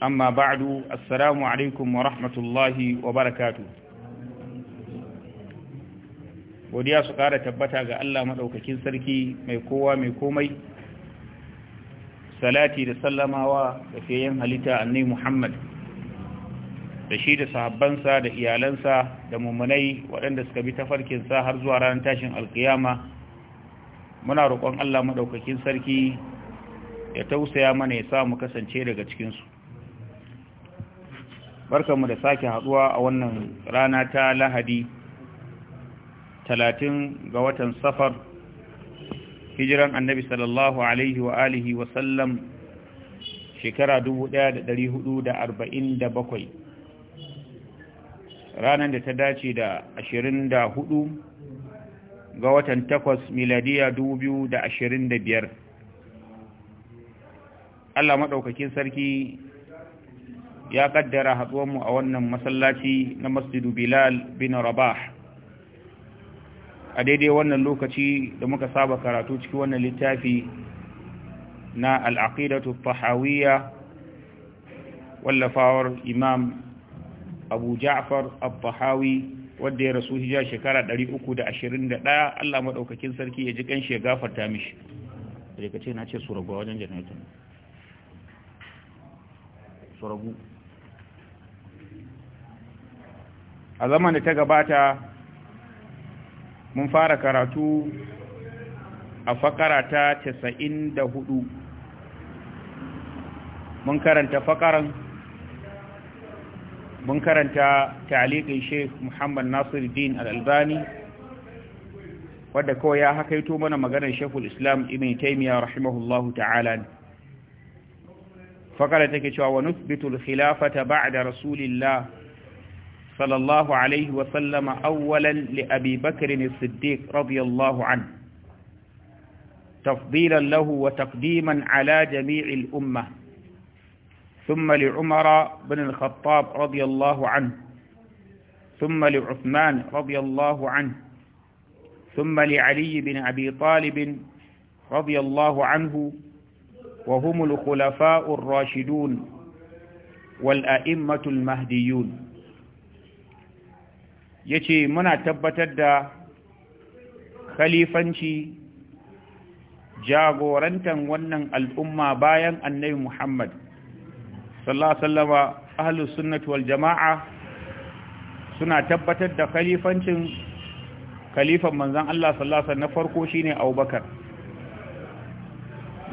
amma ba'du assalamu alaikum wa rahmatullahi wa barakatu godiya su kara tabbata ga Allah maɗaukakin sarki mai kowa mai komai salati da sallamawa da fiyayen halitta annai muhammad da shi da sahabbansa da iyalansa da mummunai waɗanda suka bi tafarkinsa har zuwa ranar tashin alkiyama muna roƙon Allah maɗaukakin sarki ya tausaya mana ya sa mu kasance daga cikinsu barkanmu da sake haɗuwa a wannan rana ta lahadi talatin ga watan safar hijiran annabi sallallahu alaihi wa alihi wa sallam shekara 1447 ranar da ta dace da 24 ga watan takwas miladiya 2025 Allah maɗaukakin sarki ya kaddara haɗuwanmu a wannan masallaci na masjidu bilal bin rabah a daidai wannan lokaci da muka saba karatu cikin wannan littafi na al'aqidatu tahawiyya wallafawar imam abu ja'far al-tahawi wadda ya rasu hijira shekara 321 Allah maɗaukakin sarki ya ji ƙanshi ya gafarta mishi da ce na ce su wajen janaitan su a zaman da ta gabata mun fara karatu a fakara ta casa'in da hudu mun karanta fakaran mun karanta taliqin Sheikh Muhammad Nasiruddin Al-Albani wadda kawai ya hakaito mana maganar Sheikhul Islam Ibn taimiyya. rahimahullahu ta'ala fakara take cewa wa nuthbitul khilafata ba'da rasulillah صلى الله عليه وسلم أولا لأبي بكر الصديق رضي الله عنه تفضيلا له وتقديما على جميع الأمة ثم لعمر بن الخطاب رضي الله عنه ثم لعثمان رضي الله عنه ثم لعلي بن أبي طالب رضي الله عنه وهم الخلفاء الراشدون والأئمة المهديون ya ce muna tabbatar da khalifanci jagorantar wannan al'umma bayan annabi Muhammad sallallahu ahalus sunnatu wal jama'a suna tabbatar da khalifancin khalifan Manzan Allah sallallahu na farko shi ne Abubakar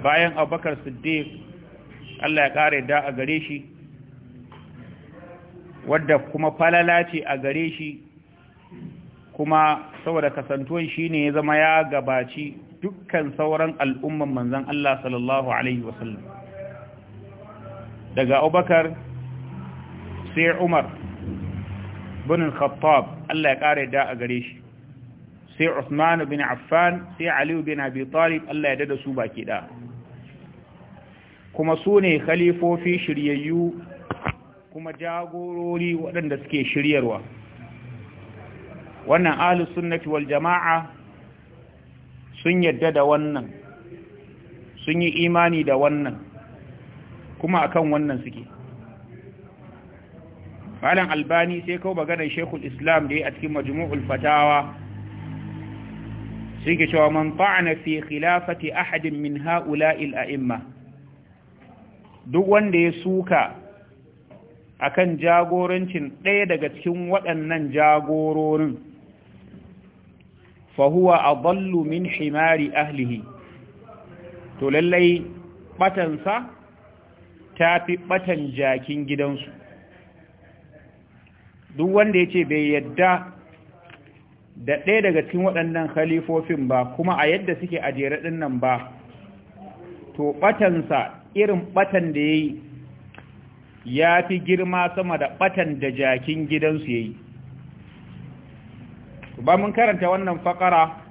bayan Abubakar Siddiq Allah ya ƙara da a gare shi wadda kuma falala ce a gare shi kuma saboda kasantuwan shine ya zama ya gabaci dukkan sauran al'umman manzan Allah sallallahu alaihi wasallam daga Abubakar sai Umar bin Khattab Allah ya kare da a gare shi sai Usman bin Affan sai Aliyu bin Abi Talib Allah ya dada su baki da kuma su ne khalifofi shiryayyu kuma jagorori waɗanda suke shiryarwa wannan ahlus sunnati wal jama'a sun yadda da wannan sun yi imani da wannan kuma akan wannan suke malam albani sai kawo maganar shekul islam da ya a cikin majmu'ul fatawa suke cewa man ta'ana fi khilafati ahadin min ha'ula'il a'imma duk wanda ya suka akan jagorancin ɗaya daga cikin waɗannan jagororin fahuwa adallu min himari ahlihi to lallai batansa ta fi batan jakin gidansu duk wanda ya ce bai yadda da ɗaya daga cikin waɗannan khalifofin ba kuma a yadda suke a jere ɗin nan ba to batansa irin batan da ya yi ya fi girma sama da batan da jakin gidansu ya yi ba mun karanta wannan fakara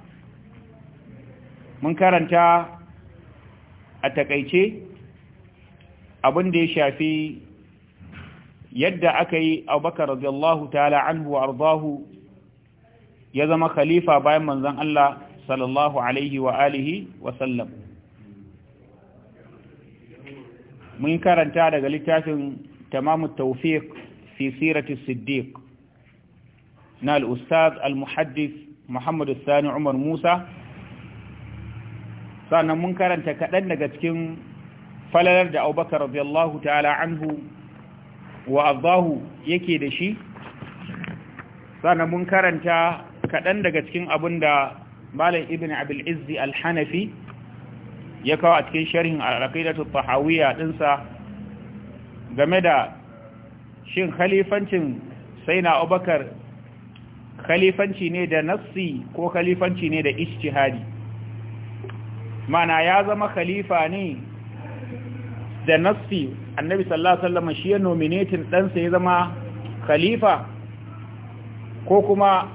mun karanta a takaice abin da ya shafi yadda aka yi abubakar radiyallahu ta'ala anhu wa ardahu ya zama khalifa bayan manzon Allah sallallahu alaihi wa alihi wa sallam mun karanta daga littafin tamamu tawfiq fi sirati siddiq na al'ustaz al-muhaddis muhammadu sani umar musa sannan mun karanta kaɗan daga cikin falalar da abubakar radiyallahu ta'ala anhu wa azahu yake da shi sannan mun karanta kaɗan daga cikin abin da malam ibn abil'izzi al-hanafi ya kawo a cikin sharhin al'aƙidatun tahawiyya ɗinsa game da shin khalifancin sai na abubakar khalifanci ne da nassi ko khalifanci ne da ishtihadi mana ya zama khalifa ne da nassi annabi sallallahu alaihi wasallam shi ya nominating ɗansa ya zama khalifa ko kuma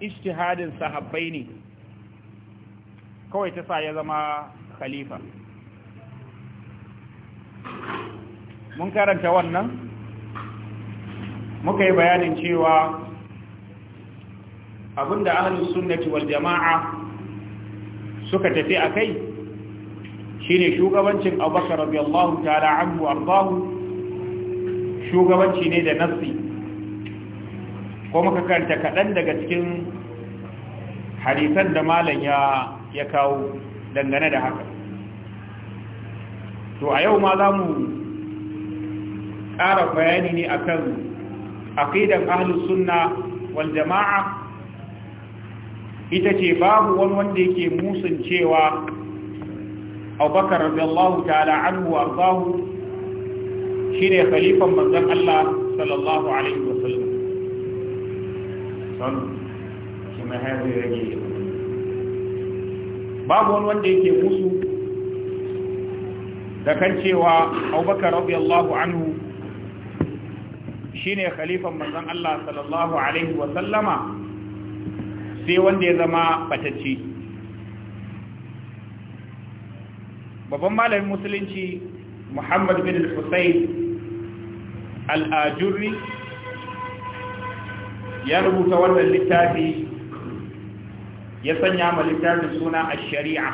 ishtihadin sahabbai ne kawai ta sa ya zama khalifa mun karanta wannan muka yi bayanin cewa abinda ahlus sunnati wal jama'a suka tafi akai shine shugabancin Abubakar radiyallahu ta'ala anhu ardahu shugabanci ne da nassi ko muka karanta kaɗan daga cikin hadisan da malam ya ya kawo dangane da haka to a yau ma zamu ƙara bayani ne akan aqidan ahlus sunna wal jama'a ita ce babu wani wanda yake musun cewa abubakar radiyallahu ta'ala anhu arzahu shine khalifan manzon Allah sallallahu alaihi wasallam san shi babu wani wanda yake musu da kan cewa abubakar radiyallahu anhu shine khalifan manzon Allah sallallahu alaihi wasallama sai wanda ya zama batacce babban malamin musulunci muhammad bin al-husayn al-ajurri ya rubuta wannan littafi ya sanya ma littafin suna a sharia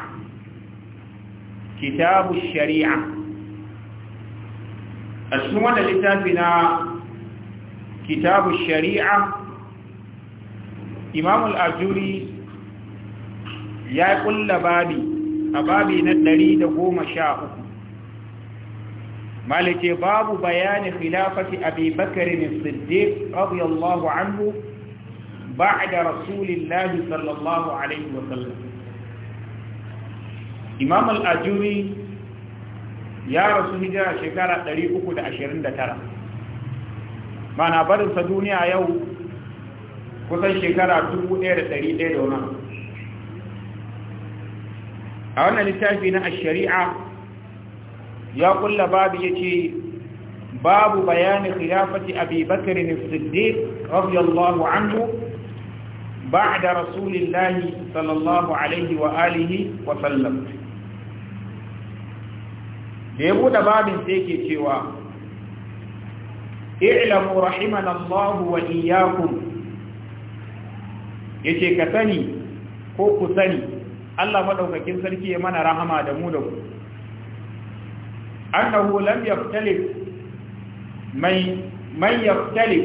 kitabu shari'a a cikin wannan littafi na kitabu shari'a imam al-ajuri ya ƙulla babi a babi na 113 malike babu bayanin khilafati abi bakr as-siddiq radiyallahu anhu ba'da rasulillah sallallahu alaihi wa sallam imam al ya rasu hijira shekara 329 mana barinsa duniya yau kusan shekara 1100 da wani a wannan littafi na shari'a ya kulla babu ya ce babu bayanin khilafati abi bakarin siddiq radiyallahu anhu alaihi رسول الله صلى الله da وآله وسلم ديبو دباب سيكي شوا اعلموا رحمنا الله وإياكم Yace ce ka sani ko ku sani Allah maɗaukakin sarki ya mana rahama da mu da ku an ɗahu lam yaftalif mai yaftalif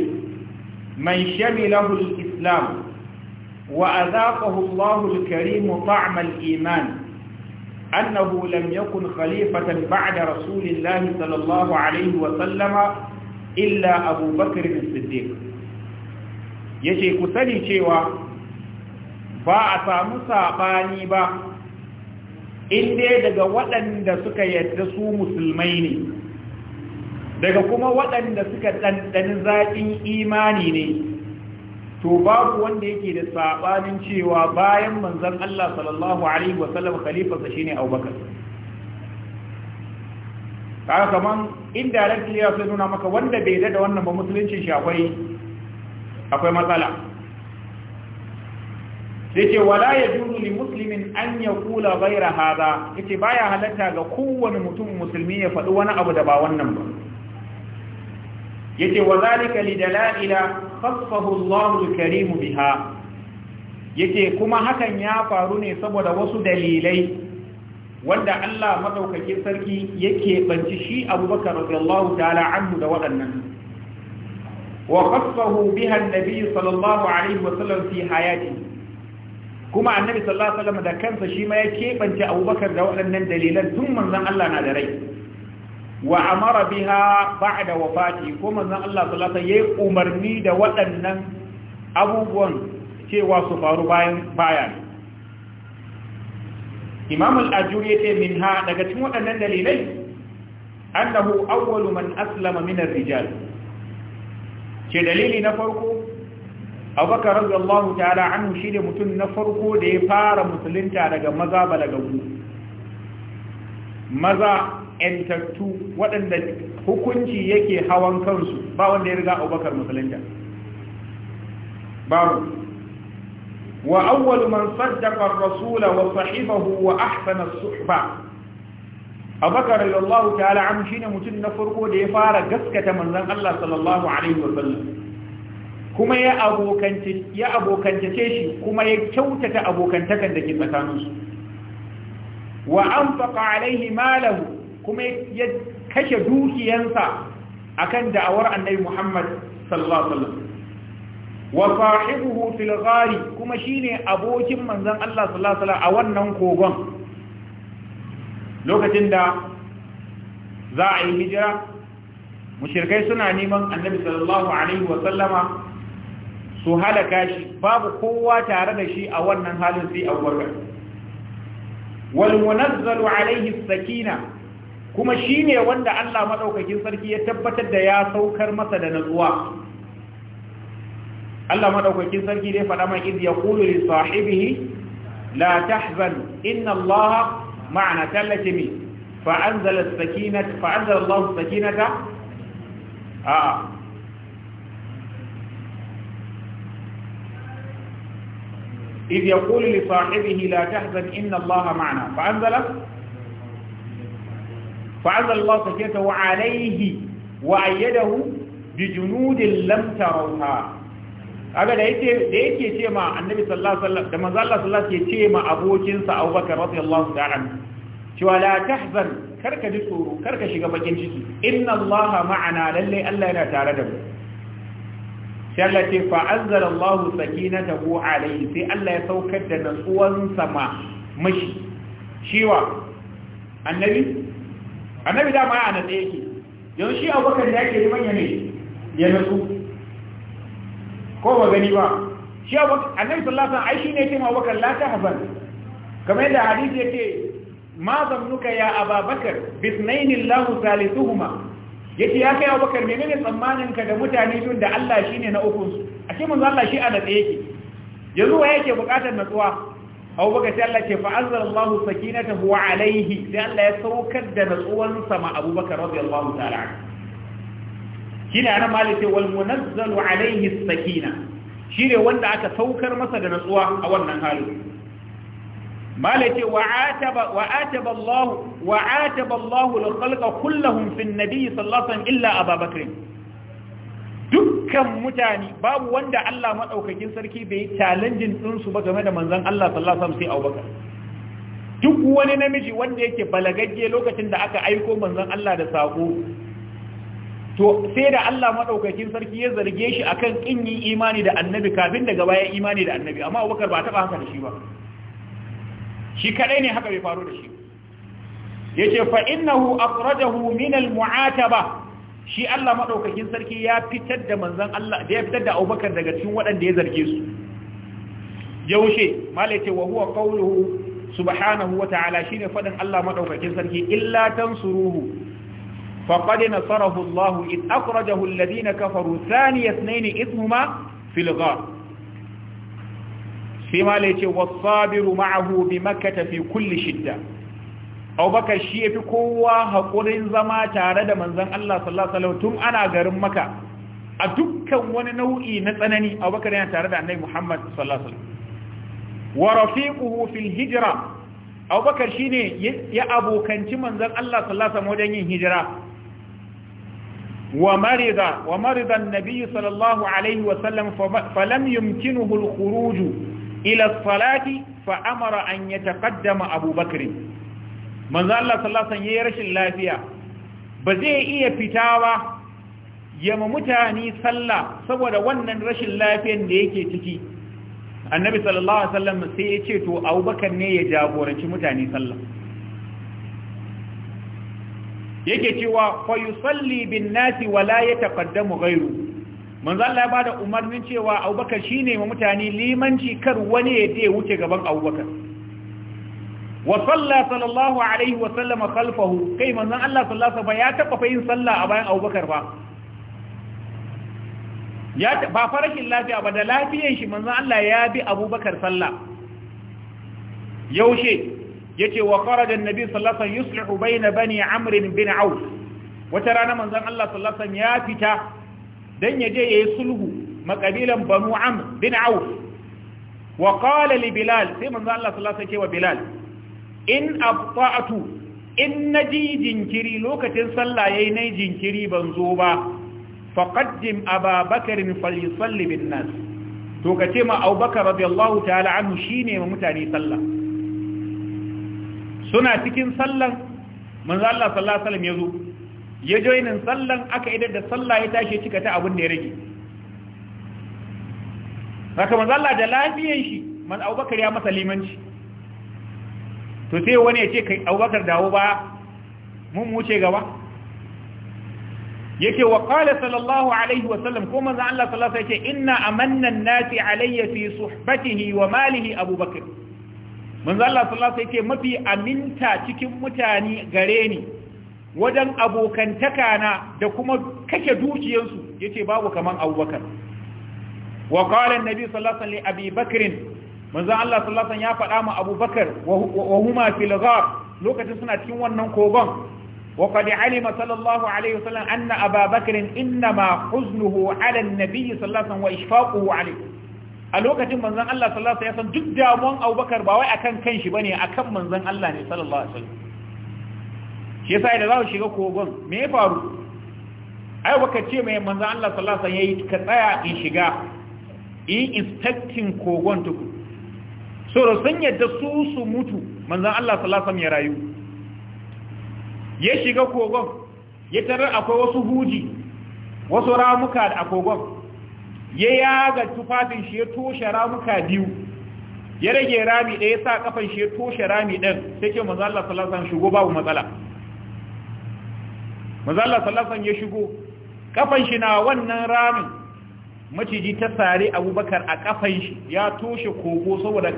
mai shabi islam wa a zaƙahu lahul karim iman annahu lam yakun khalifatan ba'da rasulillahi sallallahu illa abubakar bin yace kusani cewa ba a samu saɓani ba inda daga waɗanda suka yadda su musulmai ne daga kuma waɗanda suka ɗanɗani zaƙin imani ne to babu wanda yake da saɓanin cewa bayan manzan Allah sallallahu Alaihi wasallam khalifarsa shi ne abubakar kaga kaman indirectly ya sai nuna maka wanda bai da wannan ba musulunci shi akwai matsala Yace wala ya juru li muslimin an ya kula gaira haza ya baya halatta ga kowane mutum musulmi ya faɗi wani abu da ba wannan ba yace ce li dala'ila fasfahu Allahu al-karim biha Yace kuma hakan ya faru ne saboda wasu dalilai wanda Allah madaukakin sarki yake banci shi Abubakar radiyallahu ta'ala anhu da waɗannan wa fasfahu biha an-nabi sallallahu alaihi wasallam fi hayatihi kuma annabi sallallahu alaihi wasallam da kansa shi ma ya kebance abubakar da waɗannan dalilan tun manzon Allah na da rai wa amara biha ba'da wafati ko manzon Allah sallallahu alaihi wasallam yayi umarni da waɗannan abubuwan cewa su faru bayan baya Imam al-Ajuri yace minha daga cikin waɗannan dalilai annahu awwalu man aslama min ar-rijal Ke dalili na farko abubakar radiyallahu ta'ala anhu shine mutum na farko da ya fara musulunta daga maza ba daga balagagu maza entattu waɗanda hukunci yake hawan kansu ba wanda ya riga abubakar musulunta babu wa awwal man saddaqa ar-rasula wa sahifahu wa ahsana as-suhba abubakar radiyallahu ta'ala anhu shine mutum na farko da ya fara gaskata manzon Allah sallallahu alaihi wa sallam kuma ya abokantace ya abokantace shi kuma ya kyautata abokantakan da ke tsakaninsu wa anfaqa alaihi malahu kuma ya kashe dukiyansa akan da'awar annabi Muhammad sallallahu alaihi wasallam wa sahibuhu fil ghari kuma shine abokin manzon Allah sallallahu alaihi wasallam a wannan kogon lokacin da za a yi hijira mushrikai suna neman annabi sallallahu alaihi wasallama su halaka shi babu kowa tare da shi a wannan halin sai abubakar wal munazzalu alaihi sakina kuma shi ne wanda Allah Maɗaukakin sarki ya tabbatar da ya saukar masa da natsuwa Allah Maɗaukakin sarki dai faɗa man idh yaqulu li sahibihi la tahzan inna Allaha! ma'ana kallatimi fa anzala sakinata fa anzala Allah sakinata a إذ يقول لصاحبه لا تحزن إن الله معنا فأنزل فأنزل الله سكيته عليه وأيده بجنود لم تروها aga da yake da yake ce ma annabi sallallahu da manzo Allah ke ce ma abokinsa Abubakar radiyallahu ta'ala cewa la tahzan karka ji tsoro karka shiga bakin ciki inna Allah ma'ana lallai Allah yana tare da ku. sai Allah ce fa'azzar Allah sakinatahu alayhi sai Allah ya saukar da natsuwan sama mashi shiwa annabi annabi da ma ya yake Yau shi abokan da yake liman ya ne ya natsu ko ba gani ba shi abokan annabi sallallahu alaihi wasallam ai shine yake ma abokan la ta haban kamar yadda hadisi yake ma zamnuka ya abubakar bisnaini Allah salisuhuma yace ya kai Abubakar menene tsammanin ka da mutane biyun da Allah shine na ukunsu. a ce manzo Allah shi a yake yanzu wa yake bukatar natsuwa Abubakar sai Allah ce fa anzalallahu sakinatahu alaihi sai Allah ya saukar da natsuwan sama Abubakar radiyallahu ta'ala anhu shine anan malike wal munazzalu alaihi sakina shine wanda aka saukar masa da natsuwa a wannan halin مالك وعاتب وعاتب الله وعاتب الله الخلق كلهم في النبي صلى الله عليه وسلم الا ابا بكر dukkan mutane babu wanda Allah maɗaukakin sarki bai challenging din su ba game da manzon Allah sallallahu alaihi wasallam sai Abubakar duk wani namiji wanda yake balagagge lokacin da aka aiko manzon Allah da sako to sai da Allah maɗaukakin sarki ya zarge shi akan kin imani da annabi kafin daga baya imani da annabi amma Abubakar ba taba haka da shi ba shi kaɗai ne haka bai faru da shi yace fa innahu akhrajahu Minal mu'ataba shi Allah maɗaukakin sarki ya fitar da manzan Allah da ya fitar da Abubakar daga cikin waɗanda ya zarge su yaushe malaike wa huwa qawluhu subhanahu wa ta'ala shine faɗin Allah maɗaukakin sarki illa tansuruhu faqad nasarahu Allah id akhrajahu Ladina kafaru thaniya ithnayn ithuma fil ghar sai mala yace wasabiru ma'ahu bi makkah fi kulli shidda Abubakar shi yafi kowa hakurin zama tare da manzon Allah sallallahu alaihi wasallam tun ana garin Makka a dukkan wani nau'i na tsanani Abubakar yana tare da Annabi Muhammad sallallahu alaihi wasallam wa rafiquhu fil hijra Abubakar shine ya abokanci manzon Allah sallallahu alaihi wasallam wajen yin hijira ومرض ومرض النبي صلى الله عليه وسلم فلم يمكنه الخروج ila salati fa amara an yataqaddama Abu Bakr manzo Allah sallallahu alaihi wasallam rashin lafiya ba zai iya fitawa ya ma mutane sallah saboda wannan rashin lafiyar da yake ciki annabi sallallahu alaihi wasallam sai ya ce to Abu Bakr ne ya jagoranci mutane sallah yake cewa fa yusalli bin nasi wala yataqaddamu gairu. manzo Allah ya bada umarnin cewa Abubakar shine ma mutane limanci kar wani ya je wuce gaban Abubakar wa salla sallallahu alaihi wa sallama khalfahu kai manzo Allah sallallahu alaihi ya taba fa yin sallah a bayan Abubakar ba ya ba farashin lafiya ba da lafiyan shi manzo Allah ya bi Abubakar sallah yaushe yace wa kharaja an-nabi sallallahu alaihi wasallam yuslihu bayna bani amr bin auf wata rana manzon Allah sallallahu alaihi wasallam ya fita dan ya je ya yi sulhu makabilan banu am bin auf wa qala li bilal sai manzo Allah sallallahu alaihi wa bilal in abta'tu in naji jinkiri lokacin sallah yayi nayi jinkiri ban zo ba fa faqaddim ababakar falyusalli bin nas to kace ma abubakar radiyallahu ta'ala anhu shine ma mutane sallah suna cikin sallan manzo Allah sallallahu alaihi ya zo. ya joinin sallan aka idar da sallah ya tashi cika ta abin da ya rage haka manzo Allah da lafiyan shi man Abubakar ya masa limanci to sai wani ya ce kai Abubakar dawo ba mun wuce gaba yake wa qala sallallahu alaihi wa sallam ko manzo Allah sallallahu alaihi yake inna amanna an-nasi alayya fi suhbatihi wa malihi Abubakar manzo Allah sallallahu alaihi yake mafi aminta cikin mutane gare ni wajen abokantaka na da kuma kashe dukiyarsu ce babu kamar abubakar wa qala annabi sallallahu alaihi wasallam abi bakr manzo Allah sallallahu alaihi ya faɗa ma abubakar wa huma fil lokacin suna cikin wannan kogon wa qad alima sallallahu alaihi wasallam anna ababakr inma huznuhu ala annabi sallallahu alaihi wa ishfaquhu alaihi a lokacin manzan Allah sallallahu ya san duk damuwan abubakar ba wai akan kanshi bane akan manzan Allah ne sallallahu alaihi wasallam shi yasa da za mu shiga kogon me ya faru ai baka ce mai manzo Allah sallallahu alaihi wasallam yayi ka tsaya in shiga in inspecting kogon tuku so da sun yadda su su mutu manzo Allah sallallahu alaihi wasallam ya rayu ya shiga kogon ya tarar akwai wasu huji wasu ramuka a kogon ya yaga tufafin shi ya toshe ramuka biyu ya rage rami ɗaya sa kafan shi ya toshe rami ɗin sai ke manzo Allah sallallahu alaihi wasallam shigo babu matsala manzo Allah sallallahu alaihi ya shigo kafan shi na wannan ramin maciji ta sare Abubakar a kafan shi ya toshe kogo saboda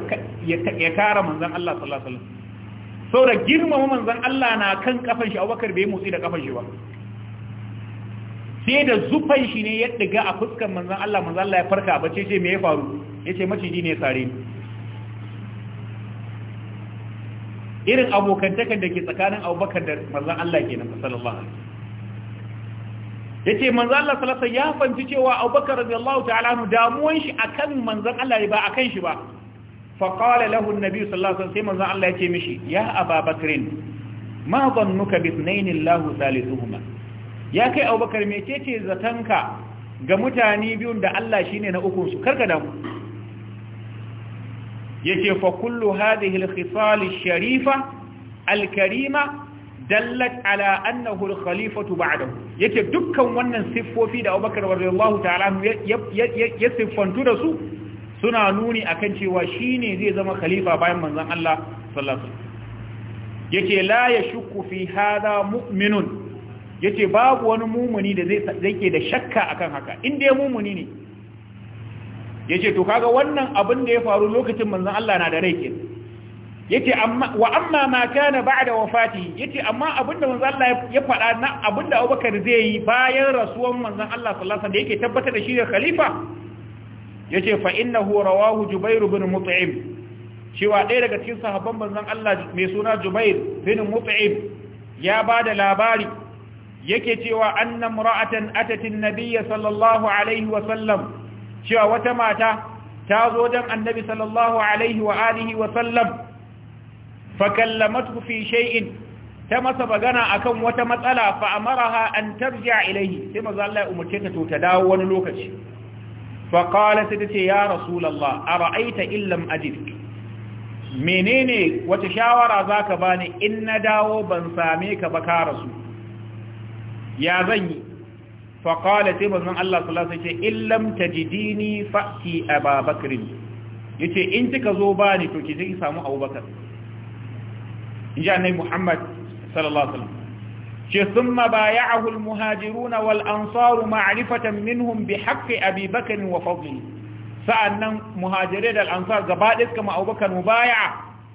ya kara manzon Allah sallallahu alaihi saboda girmama manzon Allah na kan kafan shi Abubakar bai motsi da kafan shi ba sai da zufan shi ne ya diga a fuskar manzon Allah manzon Allah ya farka bace ce me ya faru yace maciji ne sare ni irin abokantakan da ke tsakanin Abubakar da manzon Allah kenan sallallahu alaihi yace manzo Allah sallallahu alaihi ya fanci cewa Abubakar radiyallahu ta'ala anhu damuwan shi a akan manzan Allah ne ba a kan shi ba fa qala lahu an-nabi sallallahu alaihi wasallam sai manzon Allah yace mishi ya Abubakar ma dhannuka bi ithnain Salisu thalithuhuma ya kai Abubakar mecece zatanka ga mutane biyun da Allah shi ne na ukunsu su karka damu yace fa kullu hadhihi al sharifa al-karima dallat ala annahu al-khalifatu ba'dahu yake dukkan wannan siffofi da Abubakar radiyallahu ta'ala ya siffantu da su suna nuni akan cewa shine zai zama khalifa bayan manzon Allah sallallahu alaihi wasallam yake la yashukku fi hadha mu'minun yake babu wani mumuni da zai zake da shakka akan haka in dai mumuni ne yace to kaga wannan abin da ya faru lokacin manzon Allah na da rai kenan yace amma wa amma ma kana ba'da wafati yace amma abinda manzo Allah ya faɗa na abinda Abubakar zai yi bayan rasuwan manzon Allah sallallahu alaihi wasallam da yake tabbatar da shi ne khalifa yace fa innahu rawahu Jubair ibn Mut'im cewa ɗaya daga cikin sahabban manzon Allah mai suna Jubair ibn Mut'im ya bada labari yake cewa anna mar'atan atat an-nabiyya sallallahu alaihi wasallam cewa wata mata ta zo dan annabi sallallahu alaihi wa alihi wasallam fakallamatu fi shay'in ta masa magana akan wata matsala fa amaraha an tarja ilaihi sai manzo Allah ya umarce ta to ta dawo wani lokaci fa qalat ta ce ya a ara'aita illam ajidka menene wata shawara zaka bani in na dawo ban same ka ba ka rasu ya zan yi fa qala sai manzon Allah sallallahu alaihi wasallam in lam tajidini fa'ti ababakr yace in kika zo bani to ki je ki samu Abubakar in ji annabi Muhammad sallallahu alaihi wasallam ce thumma bay'ahu al-muhajiruna wal ansaru ma'rifatan minhum bi haqqi Abi Bakr wa fadlihi sa'annan muhajirai da al-ansar gaba ɗaya suka ma Abubakar mubaya'a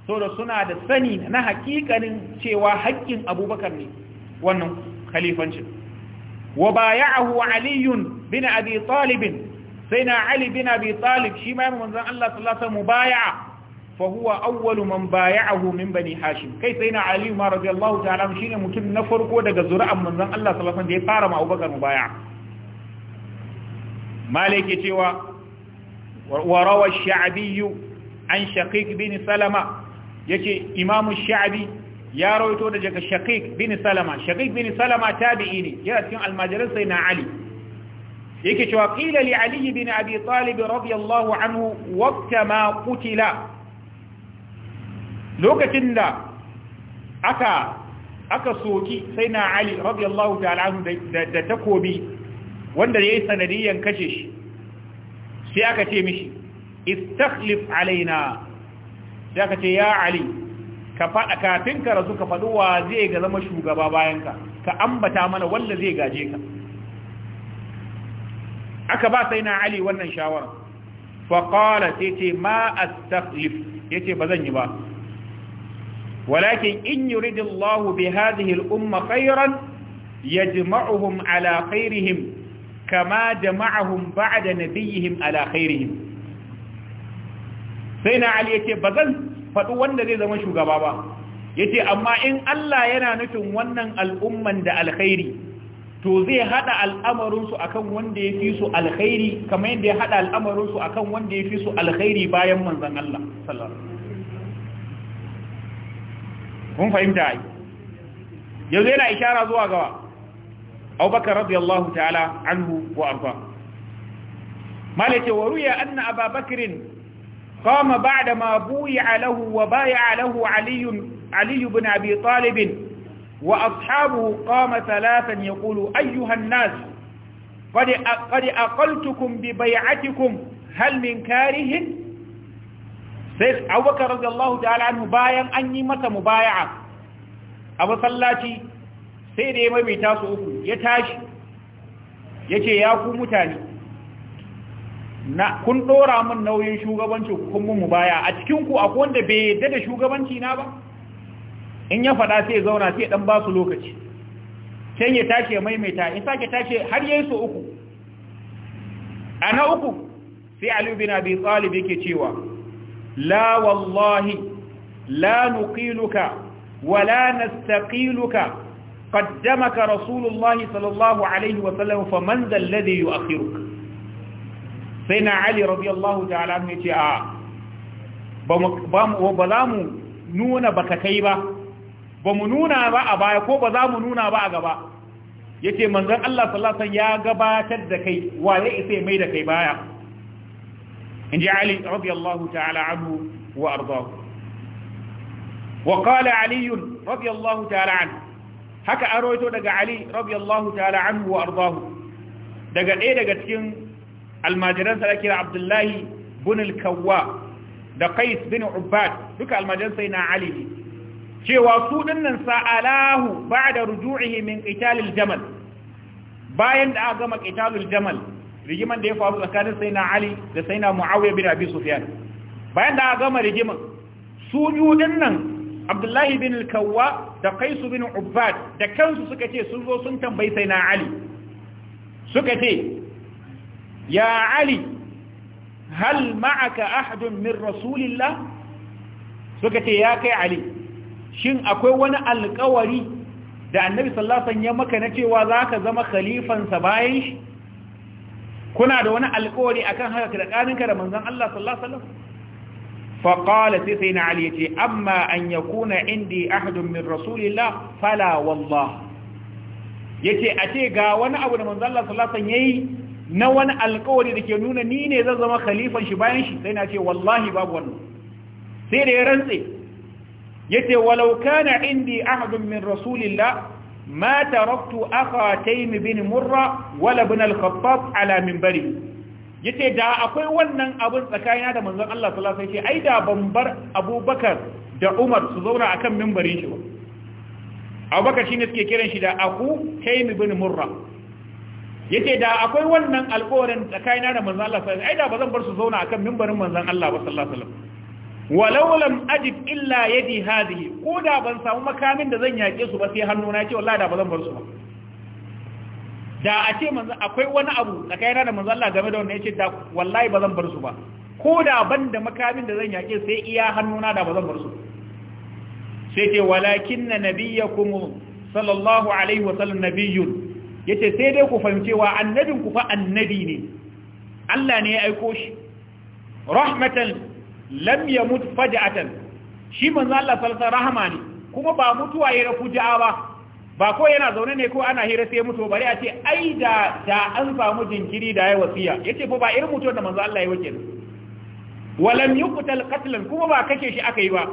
saboda suna da sani na hakikanin cewa hakkin Abubakar ne wannan khalifancin wa bay'ahu Aliyun bin Abi Talib sai na Ali bin Abi shi manzon Allah sallallahu mubaya'a fa huwa awwalu man bay'ahu min bani hashim kai sai na Aliyu ma radiyallahu ta'ala shine mutum na farko daga zuri'an manzon Allah sallallahu alaihi ya fara ma Abubakar mubaya'a malik ya cewa wa rawa ash-sha'bi an shaqiq bin salama yace imamu sha'bi ya rawaito da daga shaqiq bin salama shaqiq bin salama tabi'i ne yana cikin almajirin sai na ali yake cewa qila li ali bin abi talib radiyallahu anhu waqta ma qutila lokacin da aka aka soki sai na ali radiyallahu ta'ala da takobi wanda yi sanadiyyan kashe shi sai aka ce mishi istakhlif alaina sai aka ce ya ali ka fada kafin ka razu ka fadu wa zai ga zama shugaba bayan ka ka ambata mana wanda zai gaje ka aka ba sai na ali wannan shawara fa qala sai ce ma astakhlif yace bazan yi ba walakin in yuridillahu bi hadhihi al-umma khayran yajma'uhum ala khairihim kama jama'ahum ba'da nabiyihim ala khairihim sai na Ali yace zan faɗi wanda zai zama shugaba ba yace amma in Allah yana nufin wannan al'umman da alkhairi to zai haɗa al'amarin su akan wanda ya hada al'amarin su akan wanda alkhairi bayan manzon Allah mun fahimta ai yanzu yana ishara zuwa gawa abubakar radiyallahu ta'ala anhu wa arfa malaka wa ruya anna ababakr qama ba'da ma buya lahu wa baya lahu ali ali ibn abi talib wa ashabu qama thalathan yaqulu ayyuha an-nas qad aqaltukum bi bay'atikum hal min karihin sai abubakar radiyallahu ta'ala anhu bayan an yi masa mubaya'a a masallaci sai da ya maimaita su uku ya tashi Ya ce ya ku mutane na kun dora min nauyin shugabanci kun mu mubaya a cikin ku akwai wanda bai yadda da shugabanci na ba in ya faɗa sai zauna sai dan ba su lokaci sai ya tashi ya maimaita in sake tashi har yayin su uku na uku sai Ali bin Abi Talib yake cewa لا والله لا نقيلك ولا نستقيلك قدمك رسول الله صلى الله عليه وسلم فمن ذا الذي يؤخرك سيدنا علي رضي الله تعالى عنه يتي آه بلام نون بككيبة بمنونا با أبا يكو بزام نونا با أغبا يتي منذ الله صلى الله عليه وسلم يا غبا تدكي ويئسي ميدكي بايا إن جاء علي رضي الله تعالى عنه وأرضاه وقال علي رضي الله تعالى عنه haka an rawaito daga Ali radiyallahu ta'ala anhu wa ardahu daga ɗaya daga cikin almajiran sa kira Abdullahi bin kawwa da Qais bin Ubbad duka almajiran sai na Ali ne cewa su dinnan sa'alahu ba'da ruju'ihi min qital jamal bayan da aka gama jamal rigiman da ya faru tsakanin Saina ali da sayyidina muawiya bin abi sufyan bayan da aka gama rigiman su biyu nan abdullahi bin al-kawwa da qais bin ubbad da kansu suka ce sun zo sun tambayi sayyidina ali suka ce ya ali hal ma'aka ahadun min rasulillah suka ce ya kai ali shin akwai wani alkawari da annabi sallallahu alaihi wasallam ya maka na cewa zaka zama khalifansa bayan shi kuna da wani alƙawari akan haka da ƙaninka da manzon Allah sallallahu alaihi wasallam fa qala sai sai na ali yace amma an yakuna indi ahadun min rasulillah fala wallah yace a ce ga wani abu da manzon Allah sallallahu alaihi wasallam yayi na wani alƙawari da ke nuna ni ne zan zama khalifan shi bayan shi sai na ce wallahi babu wannan sai da ya rantse yace walau kana indi ahadun min rasulillah ما تركت أخا تيم بن wala ولا بن الخطاب على منبري yace da akwai wannan abun tsakanina da manzon Allah sallallahu alaihi wasallam ai da ban bar Abubakar da Umar su zauna akan minbarin shi ba Abubakar shine suke kiran shi da aku Taym ibn Murra yace da akwai wannan alƙawarin tsakanina da manzon Allah sallallahu alaihi wasallam ai da ba zan bar su zauna akan minbarin manzon Allah sallallahu alaihi wasallam walau lam ajid illa yadi hadhihi ko da ban samu makamin da zan yake su ba sai hannu na ce wallahi da ba zan bar su ba da a ce manzo akwai wani abu tsakanina da manzo Allah game da wannan yace da wallahi ba zan bar su ba ko da ban da makamin da zan yake sai iya hannu na da ba zan bar su sai ce walakinna nabiyyakum sallallahu alaihi wa sallam nabiyyun yace sai dai ku fahimcewa annabin ku fa annabi ne Allah ne ya aiko shi rahmatan lam yamut faja'atan shi manzo Allah sallallahu rahama ne kuma ba mutuwa yayin fuja'a ba ba ko yana zaune ne ko ana hira sai mutu bare a ce ai da da an samu jinkiri da ya wasiya yace fa ba irin mutuwar da manzo Allah ya Wa walam yuqtal qatlan kuma ba kake shi aka yi ba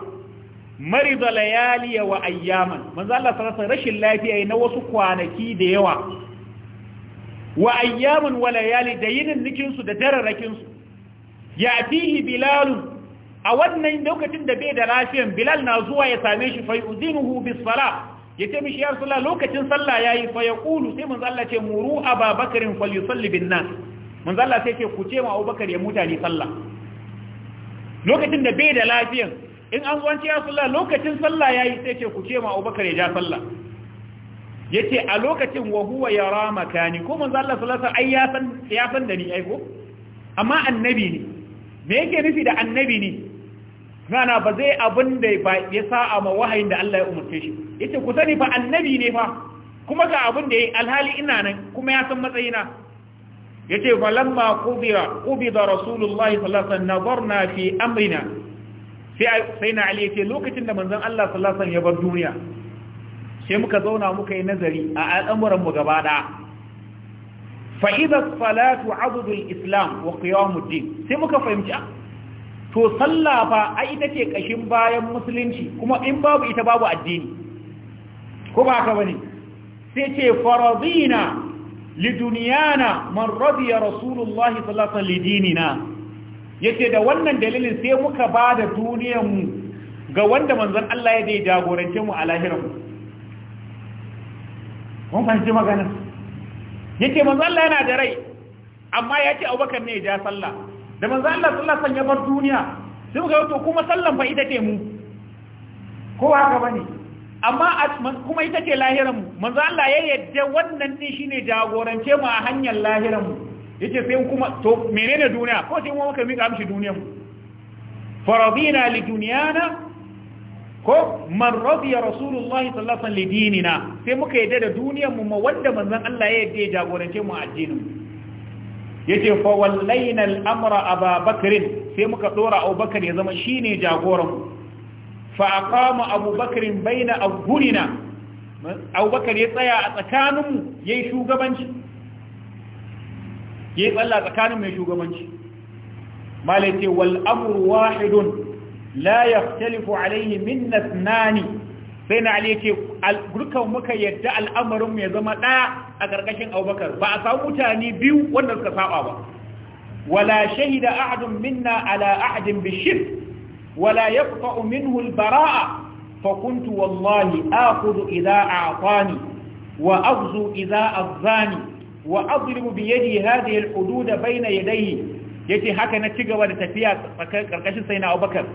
marid layali wa ayyaman manzo Allah sallallahu alaihi rashin lafiya na wasu kwanaki da yawa wa ayyaman wa layali da yinin nikin su da dararrakin su yatihi bilalun a wannan lokacin da bai da lafiyan bilal na zuwa ya same shi fai uzinuhu bis sala ya ce mishi ya sallah lokacin sallah yayi fa qulu sai mun zalla ce muru ababakarin Salli bin nas mun zalla sai ce ku ce ma abubakar ya mutane sallah lokacin da bai da lafiyan in an zuwanci ya sallah lokacin sallah yayi sai ce ku ce ma abubakar ya ja sallah yace a lokacin wa huwa yara makani ko mun zalla sallallahu alaihi wasallam ai ya san da ni ai ko amma annabi ne me yake nufi da annabi ne mana ba zai abin da ya sa'a ma wahayin da Allah ya umarce shi yace ku sani fa annabi ne fa kuma ga abin da yayi alhali ina nan kuma ya san matsayina yace fa lamma qubira qubida rasulullah sallallahu alaihi wasallam fi amrina sai sai na ali yace lokacin da manzon Allah sallallahu alaihi wasallam ya bar duniya sai muka zauna muka yi nazari a al'amuran mu gaba Salatu فإذا Islam عضد الإسلام وقيام sai muka فهمت to sallah fa ai ita ce kashin bayan musulunci kuma in babu ita babu addini ko ba haka bane sai ce faradina liduniyana man radiya rasulullahi sallallahu alaihi lidinina yace da wannan dalilin sai muka bada duniyar mu ga wanda manzon Allah ya dai jagorance mu a lahirin mu mun fahimci magana yace manzon Allah yana da rai amma yace Abubakar ne ya ja sallah da manzo Allah sallallahu alaihi ya bar duniya sai muka wato kuma sallan fa ita ce mu ko haka bane amma kuma ita ce lahiran mu manzo Allah ya yadda wannan din shine jagorance mu a hanyar lahiran mu yace sai kuma to menene duniya ko sai mu muka mika mishi duniyar mu faradina li duniyana ko man radiya rasulullahi sallallahu alaihi wasallam li dinina sai muka yadda da duniyar mu ma wanda manzon Allah ya yadda ya jagorance mu a addinin mu yace fa wallaina al-amra Abubakar sai muka dora Abubakar ya zama shine jagoran mu fa aqama Abubakar baina abhurina Abubakar ya tsaya a tsakanin mu yayi shugabanci yi tsalla tsakanin mai shugabanci malai ce wal amru wahidun la yakhtalifu alayhi minna ithnani sai na ali yake dukkan muka yadda al'amarin mu ya zama ɗaya a ƙarƙashin abubakar ba a samu mutane biyu wanda suka saba ba wala shahida ahadun minna ala ahadin bishir wala yaqta'u minhu al-bara'a fa kuntu wallahi akhudhu idha a'tani wa aghzu idha azani wa adribu bi yadi hadhihi al bayna yadayhi yace haka na cigaba da tafiya karkashin sai na abubakar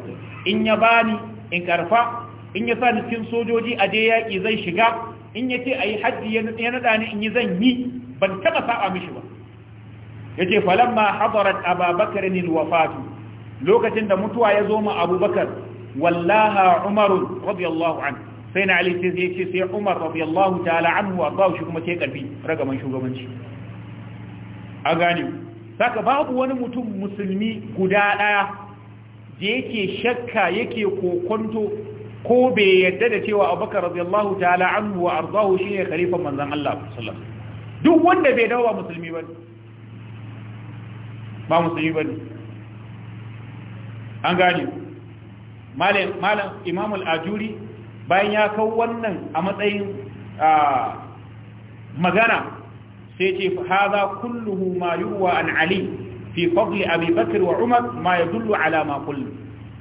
in ya bani in karfa in ya sa ni cikin sojoji a je yaƙi zai shiga in ya ce a yi hajji ya naɗa ni in yi zan yi ban taɓa saɓa mishi ba ya ce falamma hadarat ababakar ne wafatu lokacin da mutuwa ya zo ma abubakar wallaha umaru radiyallahu an sai na ali sai ya ce sai umar radiyallahu ta'ala wa ardahu shi kuma sai ƙarfi. ragaman shugabanci a saka babu wani mutum musulmi guda ɗaya da yake shakka yake kokonto ko bai yadda da cewa abubakar radiyallahu ta'ala anhu wa ardahu shine khalifan manzon Allah sallallahu duk wanda bai dawo ba musulmi bane ba musulmi bane an gane malam malam imam al-ajuri bayan ya kawo wannan a matsayin magana sai ce hadha kulluhu ma yuwa an ali fi fadli abi wa umar ma yadullu ala ma kullu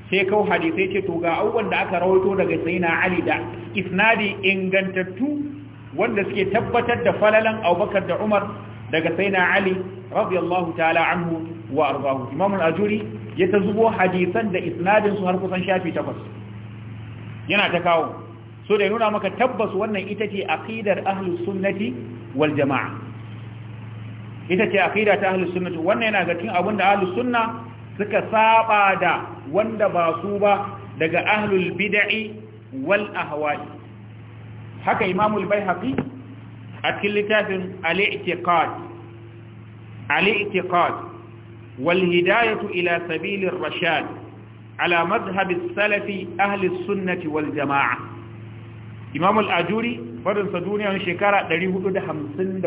sai kawo hadisai ce to ga abubuwan da aka rawaito daga sayyidina Ali da isnadi ingantattu wanda suke tabbatar da falalan Abubakar da Umar daga sayyidina Ali radiyallahu ta'ala anhu wa ardahu Imam al-Ajuri ya tazubo hadisan da isnadin su har kusan shafi takwas yana ta kawo so da nuna maka tabbas wannan ita ce aqidar ahlus sunnati wal jamaa ita ce aqida ta ahlus sunnati wannan yana ga cikin da ahlus sunna suka saba da wanda ba su ba daga ahlul bid'i wal ahwa'i haka imamul baihaqi a cikin littafin al-i'tiqad al-i'tiqad wal hidayatu ila sabilir rashad ala madhhab as-salafi ahli as-sunnah wal jama'a imamul ajuri barinsa duniya shekara 453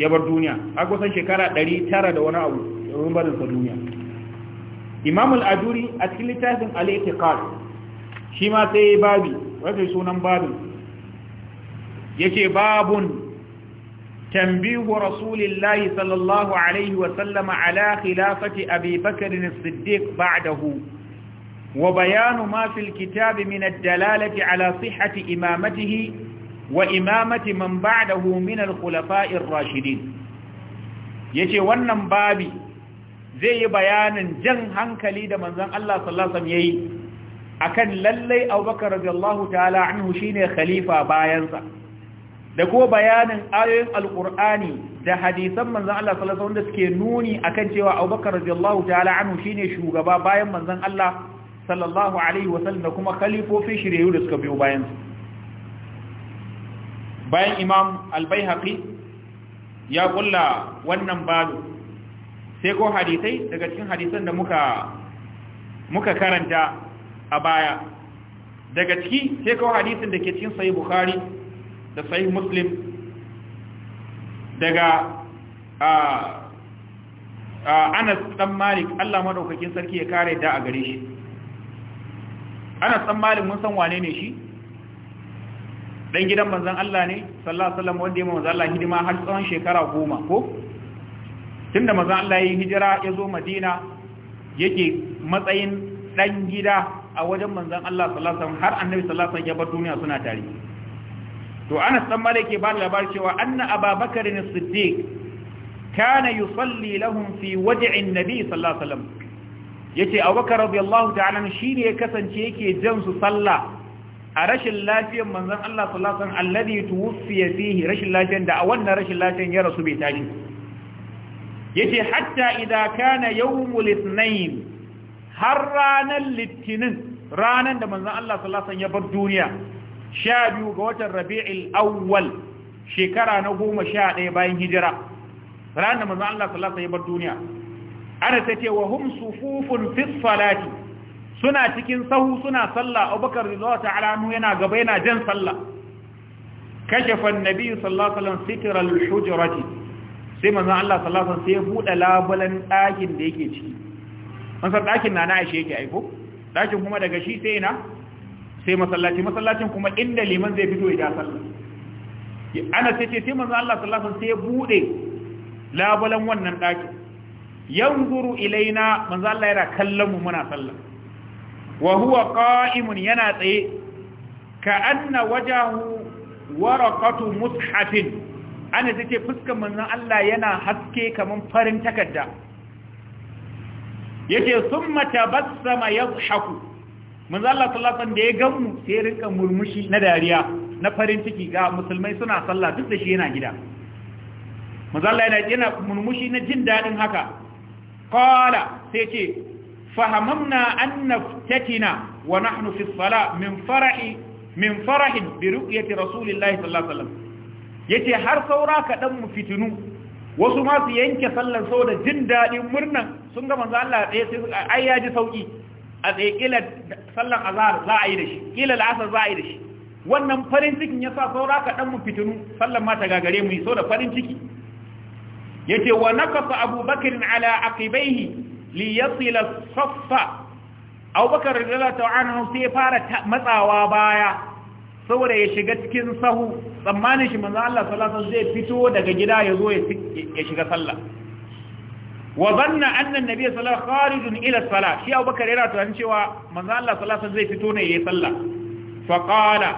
ya bar duniya Akwai kusan shekara 900 da wani abu Imamul sa duniya aduri a cikin littafin al-i'tiqad shi ma sai babi wato sunan babin ce babun tambihu rasulillahi sallallahu alaihi wa ala khilafati abi siddiq ba'dahu wa bayanu ma fil kitab min ad-dalalati ala sihhati imamatihi وإمامة من بعده من الخلفاء rashidin yace wannan babi. zai yi bayanin jan hankali da manzan Allah sallallahu alaihi wasallam yayi akan lallai Abubakar radiyallahu ta'ala anhu shine khalifa bayansa da kuma bayanin ayoyin alqur'ani da hadisan Manzan Allah sallallahu wanda suke nuni akan cewa Abubakar radiyallahu ta'ala anhu shine shugaba bayan manzon Allah sallallahu alaihi wasallam da kuma khalifofi shiriyu da suka biyo bayansa. bayan Imam al-Baihaqi ya kulla wannan babu sai ko hadisai daga cikin hadisan da muka muka karanta a baya daga ciki sai ko hadisin da ke cikin sahih bukhari da sahih muslim daga Anas dan Malik Allah madaukakin sarki ya kare da a gare shi Anas dan Malik mun san wane ne shi dan gidan manzon Allah ne sallallahu alaihi wasallam wanda ya manzon Allah hidima har tsawon shekara goma ko tunda manzon Allah ya yi hijira ya zo Madina yake matsayin dan gida a wajen manzan Allah sallallahu alaihi har annabi sallallahu alaihi wasallam ya bar duniya suna tare to Anas dan Malik ke ba da labari cewa anna Abubakar as-Siddiq kana yusalli lahum fi wad'in nabi sallallahu alaihi wasallam yace Abubakar radiyallahu ta'ala shi ne ya kasance yake jan su sallah a rashin lafiyar manzan Allah sallallahu alaihi wasallam alladhi tuwfiya fihi rashin lafiyar da a wannan rashin lafiyar ya rasu bai tashi yace hatta idza kana yawmul ithnain har ranan litinin ranan da manzon Allah sallallahu alaihi wasallam ya bar duniya sha biyu ga watan Rabiul Awwal shekara na goma sha 11 bayan hijira ranan da manzon Allah sallallahu alaihi wasallam ya bar duniya ana ta tace wa hum sufufun fi salati suna cikin sahu suna sallah Abubakar radiyallahu ta'ala anhu yana gaba yana jan sallah kashafa an-nabi sallallahu alaihi wasallam sitral hujrati sai manzon Allah sallallahu alaihi wasallam sai ya buɗe labulan ɗakin da yake ciki an san ɗakin na na Aisha yake aiko ɗakin kuma daga shi sai na sai masallaci masallacin kuma inda liman zai fito ya sallah ana sai ce sai manzon Allah sallallahu alaihi wasallam sai ya buɗe labulan wannan ɗakin yanzuru ilaina manzon Allah yana kallon mu muna sallah wa huwa qa'imun yana tsaye ka anna wajahu waraqatu mushafin ana ta ce fuskan manzon Allah yana haske kamar farin takarda yake summa tabassama yadhaku manzon Allah sallallahu alaihi da ya gamu sai rinka murmushi na dariya na farin ciki ga musulmai suna sallah duk da shi yana gida manzon Allah yana yana murmushi na jin dadin haka qala sai ce fahamamna an naftatina wa nahnu fi salah min farahi min farahin bi ru'yati rasulillahi sallallahu alaihi wasallam yace har saura kaɗan mu fitinu wasu ma su yanke sallar da jin daɗin murnan sun ga manzo Allah ɗaya sai ai ya ji sauƙi a tsaye kila sallar azhar za a yi da shi kila la'asar za a yi da shi wannan farin cikin ya sa saura kaɗan mu fitinu sallar ma ta gagare mu yi da farin ciki yace wa nakasa abubakar ala aqibaihi li yasila saffa abubakar radiyallahu anhu sai fara matsawa baya saboda ya shiga cikin sahu tsammanin shi manzo Allah sallallahu alaihi zai fito daga gida ya zo ya shiga sallah wa zanna anna annabi sallallahu kharijun ila salah shi Abubakar yana tunanin cewa manzo Allah sallallahu alaihi zai fito ne yayin sallah fa qala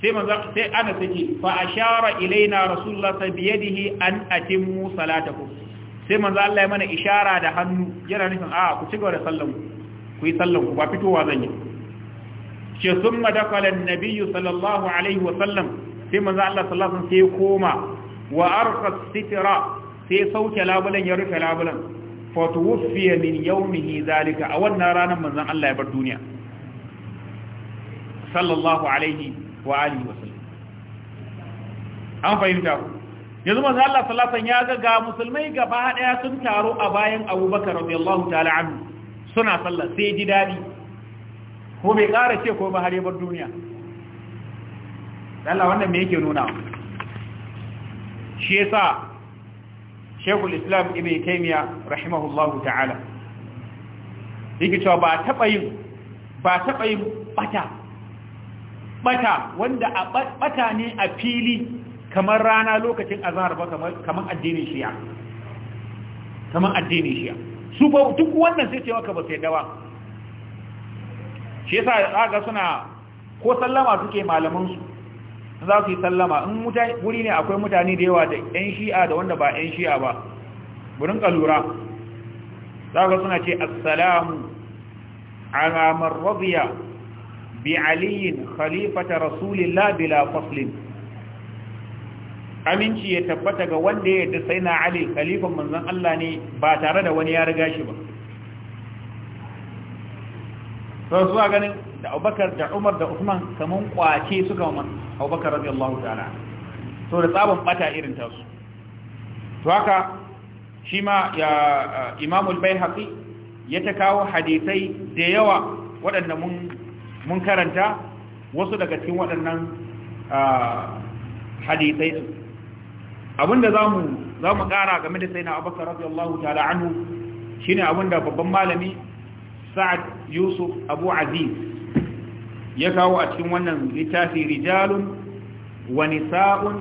sai manzo sai ana saki fa ashara ilaina rasulullah bi yadihi an atimmu salatakum sai manzo Allah ya mana ishara da hannu yana nufin a ku cigaba da sallan ku yi sallan ku ba fitowa zan yi ce sun madakala nabiyu sallallahu alaihi wasallam sai manzo Allah sallallahu alaihi sai koma wa arqa sitira sai sauke labulan ya rufe labulan fa tuwfiya min yawmihi zalika a wannan ranar manzon Allah ya bar duniya sallallahu alaihi wa alihi wasallam an fahimta ku yanzu manzo Allah sallallahu alaihi ya ga ga musulmai gaba daya sun taro a bayan Abubakar Bakar radiyallahu ta'ala anhu suna sallah sai ji dadi ko bai ƙara ce ko ba har yabar duniya Allah wannan me yake nuna shi yasa Sheikhul Islam Ibn Taymiyyah rahimahullahu ta'ala yake cewa ba taɓa yin ba taɓa yin bata bata wanda a bata ne a fili kamar rana lokacin azhar ba kamar addinin shi'a kamar addinin shi'a su ba duk wannan sai ce maka ba sai dawa shi yasa zaka suna ko sallama suke malaman su za su yi sallama in wuri ne akwai mutane da yawa da yan shi'a da wanda ba yan shi'a ba burin kalura zaka suna ce assalamu ala man radiya bi aliyin khalifata rasulillah bila faslin aminci ya tabbata ga wanda ya yarda sai na ali khalifan manzon Allah ne ba tare da wani ya riga shi ba sau zuwa ganin da abubakar da umar da usman kamun kwace suka wa abubakar radiyallahu ta'ala so da tsabon bata irin tasu to haka shi ma ya uh, imamul bai haƙi ya ta kawo hadisai da yawa waɗanda mun karanta wasu daga cikin waɗannan uh, hadisai abinda zamu mu ƙara game da sai na abubakar radiyallahu ta'ala anhu shine abinda babban malami sa'ad yusuf abu aziz ya kawo a cikin wannan littafi rijalun wani nisa'un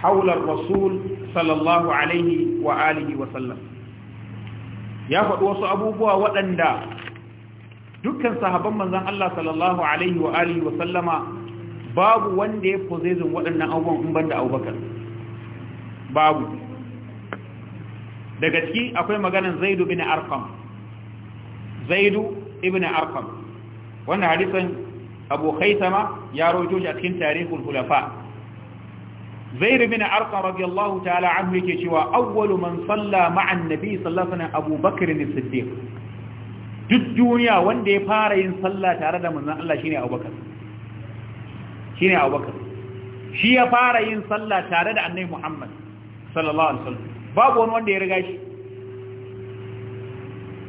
haular rasul sallallahu alaihi wa alihi wa sallam ya faɗi wasu abubuwa waɗanda dukkan sahabban manzan Allah sallallahu alaihi wa alihi wa sallama babu wanda ya fi fozezin waɗannan abubuwan in banda abubakar babu daga ciki akwai maganin zaidu bin arqam zaidu ibn arqam wannan hadisin abu khaisama ya rawaito shi a cikin tarihul hulafa zaid ibn arqam radiyallahu ta'ala anhu yake cewa awwalu man salla ma'a annabi sallallahu alaihi wasallam abu as-siddiq duk duniya wanda ya fara yin sallah tare da manzon Allah shine abubakar shine abubakar shi ya fara yin sallah tare da annabi muhammad sallallahu alaihi wasallam babu wani wanda ya riga shi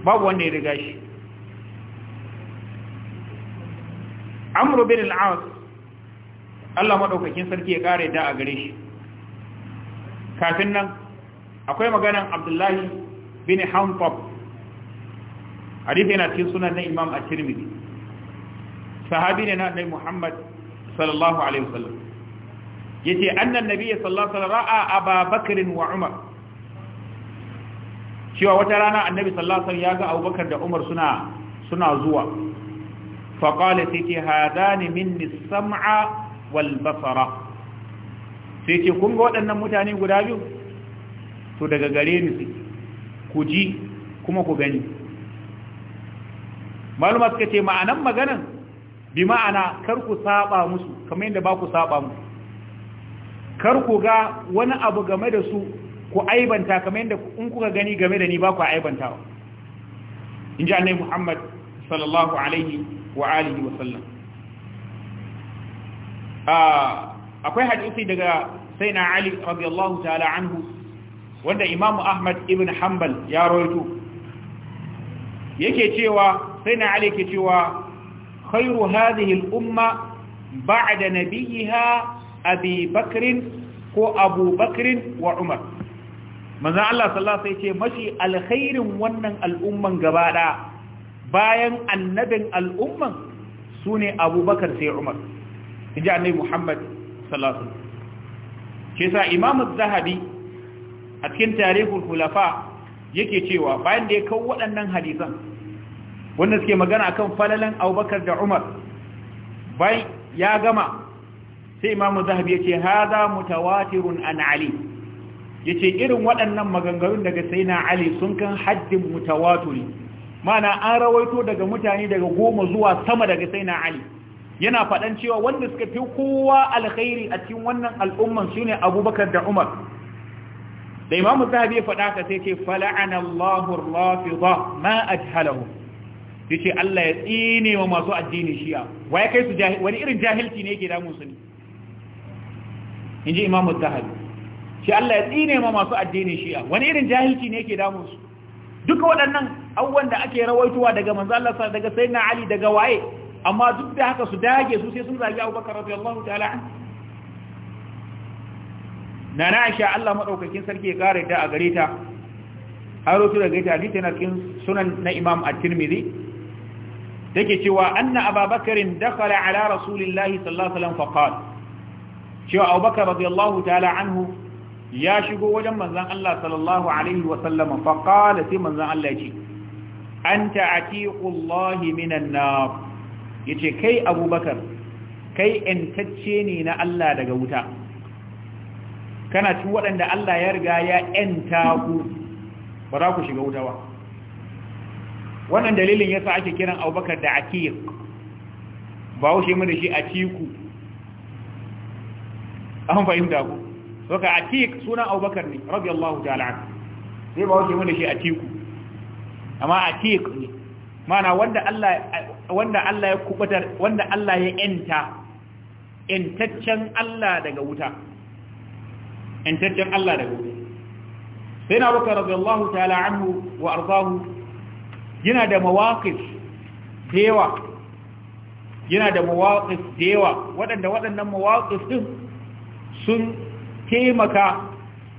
babu wanda ya riga shi amru bin al-as Allah maɗaukakin sarki ya kare da a gare shi kafin nan akwai maganan abdullahi bin hanfab hadith na cikin sunan na imam a tirmidhi sahabi ne na annabi muhammad sallallahu alaihi wasallam ce annan nabiyyi sallallahu alaihi wasallam ra'a ababakr wa umar cewa wata rana annabi sallallahu ya ga abubakar da umar suna zuwa faƙali sai ce min minni sam'a wal basara sai ce kun ga waɗannan mutane guda biyu to daga gare ni su ku ji kuma ku gani maluma suka ce ma'anan maganan bi ma'ana kar ku saba musu kamar yadda ba ku saba musu kar ku ga wani abu game da su ku aibanta kamar yadda in kuka gani game da ni ba ku aibantawa in ji muhammad sallallahu alaihi wa alihi wa sallam akwai hadisi daga sayyidina ali radiyallahu ta'ala anhu wanda imam ahmad ibn hanbal ya rawaito yake cewa sayyidina ali yake cewa khairu hadhihi al-umma ba'da nabiyha abi bakr ko abu bakr wa umar manzo Allah sallallahu alaihi wasallam ce mafi alkhairin wannan al'umman gaba bayan annabin al'umman su ne abubakar sai umar inji muhammad sallallahu ke sa imamu zahabi a cikin tarihul hulafa yake cewa bayan da ya kawo waɗannan hadisan wanda suke magana kan falalan abubakar da umar bai ya gama sai imamu zahabi ya ce haza mutawatirun an ali ya ce irin waɗannan maganganun daga sai na ali sun kan haddin mutawaturi mana an rawaito daga mutane daga goma zuwa sama daga sai na ali yana faɗan cewa wanda suka fi kowa alkhairi a cikin wannan al'umman su ne abubakar da umar da imamu zahabi ya faɗa ka sai ce fala'ana allahu rafida ma ajhalahu yace Allah ya tsine wa masu addini shi'a waye kai su wani irin jahilci ne yake damun su ne inji imamu zahabi shi Allah ya tsine wa masu addini shi'a wani irin jahilci ne yake damun su duka waɗannan abubuwan da ake rawaitowa daga Manzalarsa Allah daga sayyidina Ali daga waye amma duk da haka su dage su sai sun zagi Abubakar radiyallahu ta'ala an Nana Aisha Allah maɗaukakin sarki ya kare ta a gare ta har wato daga ta hadisi na cikin sunan na Imam At-Tirmidhi take cewa anna Abubakar dakhala ala Rasulillahi sallallahu alaihi wasallam faqala cewa Abubakar radiyallahu ta'ala anhu ya shigo wajen manzan Allah sallallahu alaihi wasallama faƙala sai manzan Allah ce an ta'atiƙullahi minan na ya ce kai abubakar kai ‘yantacce ne na Allah daga wuta kana cin waɗanda Allah ya riga ya ‘yanta ku ba za ku shiga wuta ba wannan dalilin ya sa ake kiran abubakar da akiyar. ba haushe mu da shi a ciku an fahimta ku doka atik suna abubakar ne radiyallahu ta'ala an sai ba wuce mana shi atiku amma atik ne mana wanda Allah wanda Allah ya kubutar wanda Allah ya enta 'yantaccen Allah daga wuta 'yantaccen Allah daga wuta sai na baka radiyallahu ta'ala anhu wa ardahu yana da mawaqif dewa yana da mawaqif dewa waɗanda waɗannan mawaqif din sun taimaka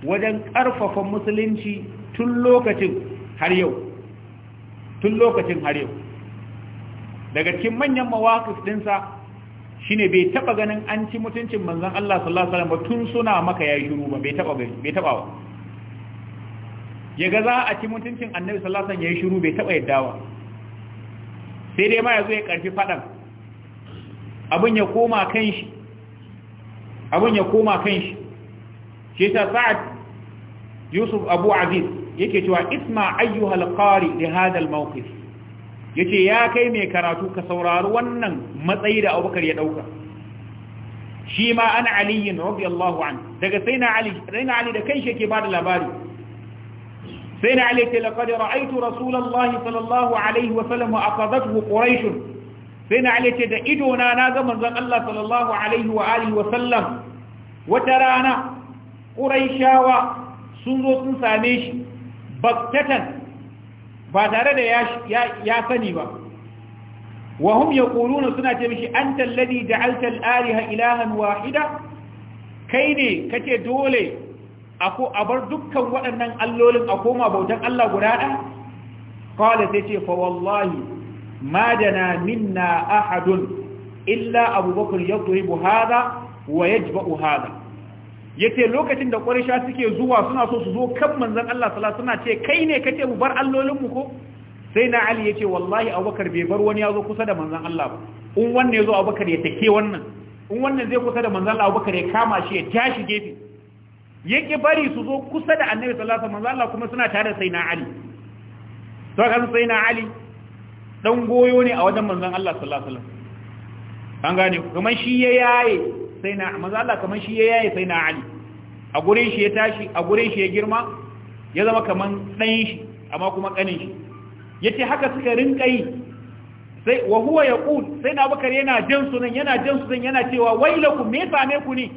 wajen ƙarfafa musulunci tun lokacin har yau tun lokacin har yau daga cikin manyan mawaƙif ɗinsa shine bai taba ganin an ci mutuncin manzon Allah sallallahu alaihi wasallam tun suna maka yayi shiru ba bai taba bai taba ba yaga za a ci mutuncin annabi sallallahu alaihi wasallam yayi shiru bai taba yadda ba sai dai ma yazo ya karfi fadan abun ya koma kanshi abun ya koma kanshi ke sa'ad yusuf abu aziz yake cewa isma ayyuhal qari li hadha al mawqif yace ya kai mai karatu ka saurari wannan matsayi da abubakar ya dauka shi ma an aliyin radiyallahu an daga sai ali sai ali da kai shi bada labari sai na ali ce laqad ra'aytu rasulullahi sallallahu alaihi wa sallam aqadathu quraish sai na ali ce da ido na na ga manzon Allah sallallahu alaihi wa alihi wa sallam wata rana ƙuraishawa sun zo sun same shi baktatan ba tare da ya sani ba wahum ya ƙuluna suna ce mishi an talladi da altal aliha ilahan wahida kai ne kace dole a bar dukkan waɗannan allolin a koma bautan Allah guda ɗan kawai sai ce fa wallahi ma na minna ahadun illa abubakar ya turibu hada wa yajba'u hada yace lokacin da ƙwarisha suke zuwa suna so su zo kan Manzan Allah sallallahu suna ce kai ne kace mu bar allolinmu ko sai na Ali yace wallahi Abubakar bai bar wani yazo kusa da Manzan Allah ba in wannan yazo Abubakar ya take wannan in wannan zai kusa da Manzan Allah Abubakar ya kama shi ya tashi gefe yake bari su zo kusa da Annabi sallallahu alaihi wasallam Allah kuma suna tare da sai na Ali to kan sai na Ali dan goyo ne a wajen Manzan Allah sallallahu alaihi wasallam an gane kuma shi ya yaye sai na manzo Allah kamar shi ya yaye sai na Ali a gurin shi ya tashi a gurin shi ya girma ya zama kamar ɗayan shi amma kuma ƙanin shi Ya ce haka suka rinƙa yi sai wa huwa yaqul sai na bakar yana jan su nan yana jan su nan yana cewa ku me same ku ne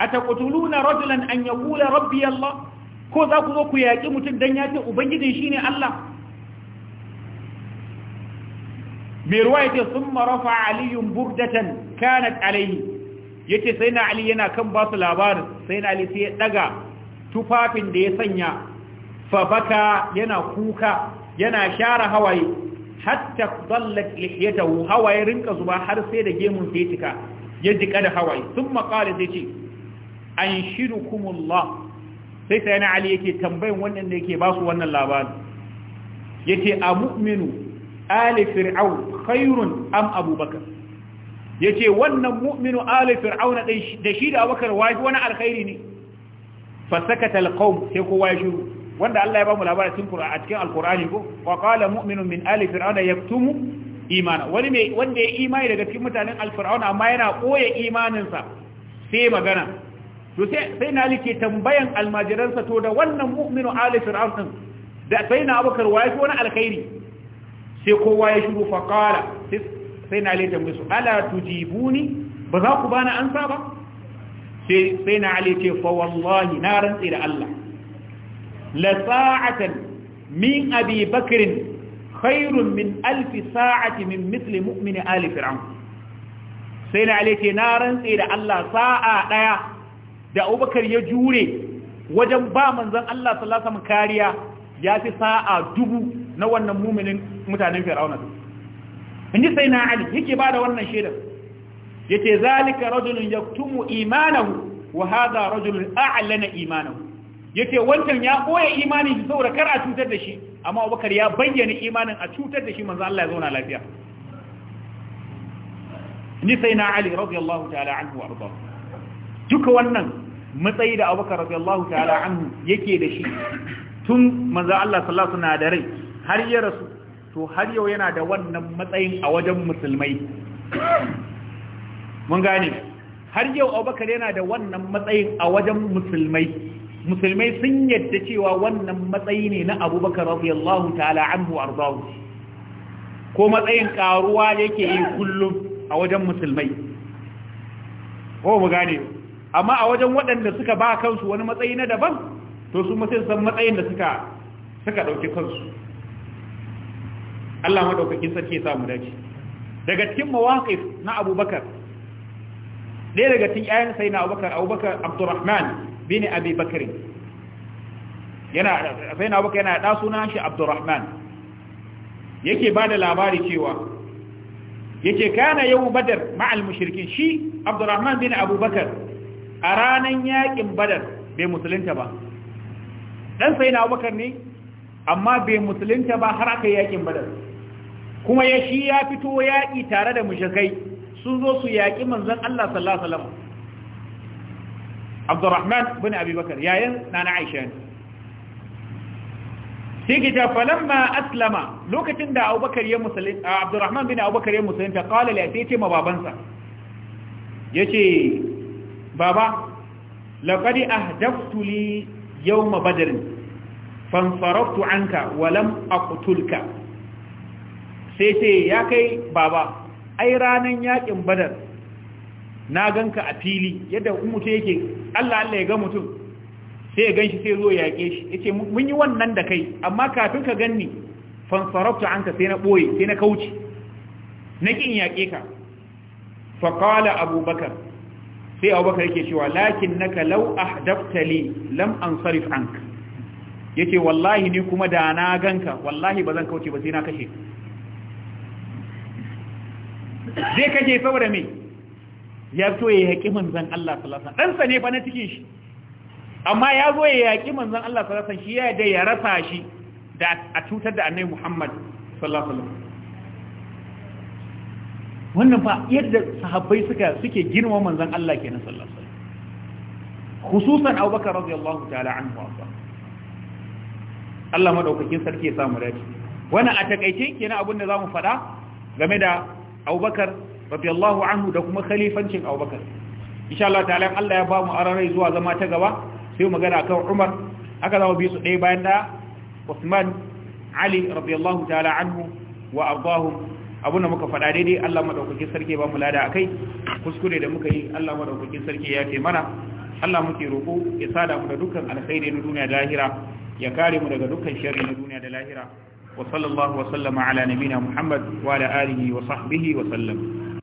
A ataqtuluna rajulan an ya kula, rabbi Allah ko za ku zo ku yaƙi mutum dan ya ce ubangijin ne Allah mai ruwa ya ce sun marafa aliyun burdatan kanat alaihi yace sai na ali yana kan ba su labarin sai na ali sai ya daga tufafin da ya sanya fa yana kuka yana share hawaye hatta dallat lihiyatahu hawaye rinka zuba har sai da gemun sai tika ya jika da hawaye thumma qala sai ce anshirukumullah sai sai na ali yake tambayin wannan da yake ba su wannan labarin yace a mu'minu ali fir'aun khairun am abubakar yace wannan mu'minu ali fir'auna da shi da abakar wai wani alkhairi ne fasakata alqawm sai kowa ya shiru wanda Allah ya ba mu labarin cikin Qur'ani cikin alqur'ani ko wa qala mu'minun min ali fir'auna yaktumu imana wani mai wanda ya imani daga cikin mutanen alfir'auna amma yana koya imaninsa sai magana to sai sai na like tambayan almajiransa to da wannan mu'minu ali fir'aun din da sai na abakar wai wani alkhairi sai kowa ya shiru fa qala sai na ali musu ala tujibuni ba za ku bani ansa ba sai na ali fa wallahi na rantsi da Allah la sa'atan min abi bakr khairun min alf sa'ati min mithli mu'min ali fir'aun sai na ali na rantsi da Allah sa'a daya da Abubakar ya jure wajen ba manzon Allah sallallahu alaihi wasallam kariya ya fi sa'a dubu na wannan muminin mutanen fir'auna inji sai na ali yake ba da wannan shaidar ya ce zalika rajulun ya tumu imanahu wa haza rajulun a'allana imanahu ya ce wancan ya ɓoye imanin shi saboda kar a cutar da shi amma abubakar ya bayyana imanin a cutar da shi manzo Allah ya zauna lafiya ni sai na ali radiyallahu ta'ala anhu wa arda duka wannan matsayi da abubakar radiyallahu ta'ala anhu yake da shi tun manzo Allah sallallahu alaihi wasallam da rai har ya rasu to har yau yana da wannan matsayin a wajen musulmai mun gane har yau abubakar yana da wannan matsayin a wajen musulmai musulmai sun yadda cewa wannan matsayi ne na abubakar radiyallahu ta'ala anhu arzahu ko matsayin karuwa yake yi kullum a wajen musulmai ko mu gane amma a wajen waɗanda suka ba kansu wani matsayi na daban to su mutum san matsayin da suka suka ɗauki kansu Allah maɗaukakin sarki ya samu dace daga cikin mawaƙif na Abubakar ɗaya daga cikin ƴaƴan sai na Abubakar Abubakar Abdurrahman bin Abi Bakr yana sai na Abubakar yana ɗa sunan shi Abdurrahman yake da labari cewa yake kana yau badar ma'al mushrikin shi Abdurrahman bin Abubakar a ranan yaƙin badar bai musulunta ba Ɗan sai na Abubakar ne amma bai musulunta ba har aka yi yaƙin badar kuma ya shi ya fito yaƙi tare da mushrikai sun zo su yaƙi manzon Allah sallallahu alaihi wasallam Abdurrahman bin Abi Bakar yayin nana Aisha sai ki ta falamma aslama lokacin da Abubakar ya musulmi Abdurrahman bin Abubakar ya musulmi ta kala la sai ma babansa yace baba لقد أهدفت لي يوم بدر anka, عنك ولم أقتلك sai ce ya kai baba ai ranan yakin badar na ganka a fili yadda mutum yake Allah Allah ya ga mutum sai ya ganshi sai zo yake shi yace mun yi wannan da kai amma kafin ka ganni fansarabtu anka sai na boye sai na kauce na kin yake ka fa qala abubakar sai abubakar yake cewa lakin naka law ahdafta li lam ansarif anka yace wallahi ni kuma da na ganka wallahi bazan kauce ba sai na kashe zai kashe saboda me ya so ya yaƙi manzan Allah sallallahu ɗansa ne fa na cikin shi amma ya zo ya yaƙi manzan Allah sallallahu shi ya da ya rasa shi da a cutar da annabi Muhammad sallallahu wannan fa yadda sahabbai suka suke girma manzan Allah kenan sallallahu alaihi wasallam khususan Abubakar radiyallahu ta'ala an anhu Allah maɗaukakin sarki ya samu dace wannan a takaice kenan abin da mu faɗa game da abubakar radiyallahu anhu da kuma khalifancin abubakar insha Allah ta'ala Allah ya ba mu ararai zuwa zama ta gaba sai magana kan Umar aka zama bi su ɗaya bayan da Usman Ali radiyallahu ta'ala anhu wa ardahum abuna muka faɗa daidai Allah madaukakin sarki ba mu lada akai kuskure da muka yi Allah madaukakin sarki ya ce mana Allah muke roko ya sada mu da dukkan alkhairi na duniya da lahira ya kare mu daga dukkan sharri na duniya da lahira وصلى الله وسلم على نبينا محمد وعلى آله وصحبه وسلم